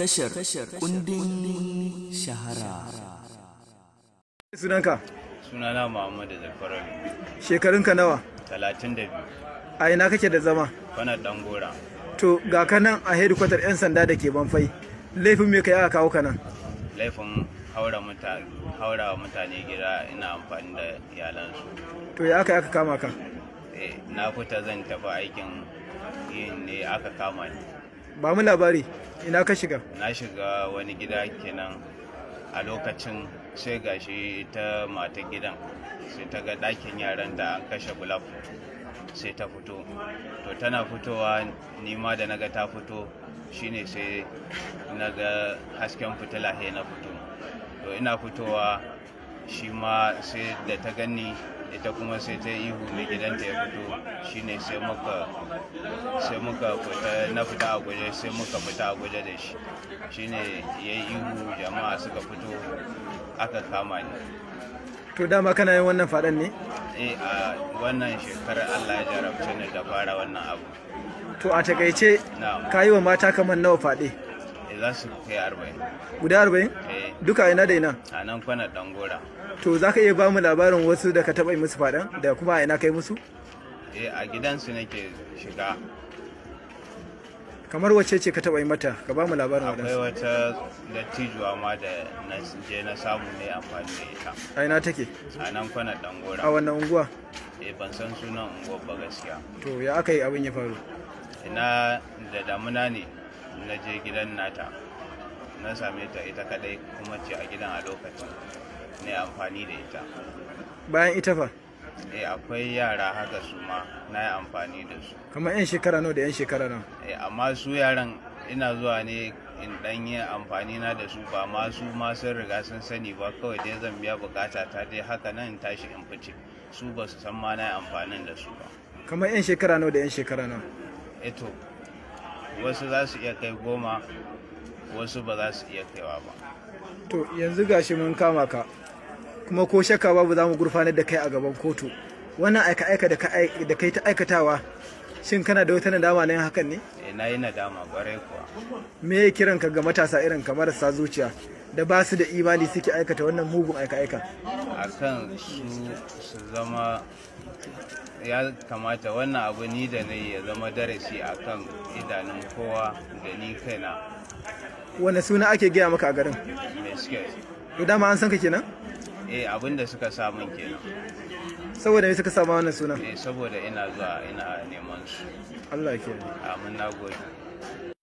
tashar kundin shahara sunanka sunana muhammadu zafarari shekarunka nawa 32 a ina kake da zama kwanar dangora to ga kanan a hedikwatar 'yan sanda da ke banfai laifin me ka yi aka kawo kanan laifin haura mutane gida ina amfani da iyalansu to ya aka aka kama ka eh, na fita zan tafi aikin yin ne aka kama ni ba mu labari ina ka shiga na shiga wani gida kenan a lokacin sai gashi ta mata gidan sai ta ga ɗakin yaran da an kashe bulaf sai ta fito to tana fitowa nima da naga ta fito shine sai naga hasken fitila he na fito to ina fitowa shi ma sai da ta gani ita kuma sai ta ihu mai gidanta ya fito shine sai muka sai muka fita na fita a guje sai muka fita a guje da shi shine ya ihu jama'a suka fito aka kama ni to dama kana yin wannan fadan ne eh a wannan shekarar Allah ya jarabta ni da fara wannan abu to a takaice ka wa mata kamar nawa fade. za su kai arba'in guda arba'in eh. duka ina da ina a nan ɗan dangora to za ka iya ba mu labarin wasu da ka taɓa musu faɗan da kuma ina kai musu eh a gidansu nake shiga kamar wacce ce ka taɓa yi mata ka ba mu labarin wadansu akwai wata dattijuwa ma da na je na samu ne amfani da ita a ina take a nan kwana dangora a wannan unguwa eh ban san sunan unguwar ba gaskiya to ya aka yi abin ya faru ina da damuna ne na je gidan nata na same ta ita kadai kuma ce a gidan a lokacin ne amfani da ita bayan ita fa eh akwai yara haka su ma na yi amfani da su kamar yan shekara nawa da yan shekara nan? eh amma su yaran ina zuwa ne in dan yi amfani na da su ba ma su ma sun riga sun sani ba kawai dai zan biya bukata ta dai haka nan tashi in fice su ba su san ma na yi amfanin da su ba kamar yan shekara nawa da yan shekara eh to wasu za su iya kai goma wasu ba za su iya kaiwa ba to yanzu gashi mun kama ka kuma ko shakka babu za mu gurfanar da kai a gaban kotu wannan aika-aika da kai ta aikatawa shin kana da wata nadama na yin hakan ne? Eh, na yi nadama kwarai kuwa me ka ga matasa irin kamar sa zuciya da ba su da imani suke aikata wannan mugun aika-aika kan su zama ya kamata wannan abu ni da yi ya zama darasi akan idanun kowa da ni kaina wane suna ake gaya maka a garin to dama an san ka kenan eh abin da suka samun kenan saboda me suka sama wannan suna eh saboda ina zuwa ina neman su Allah ya kiyaye amin nagode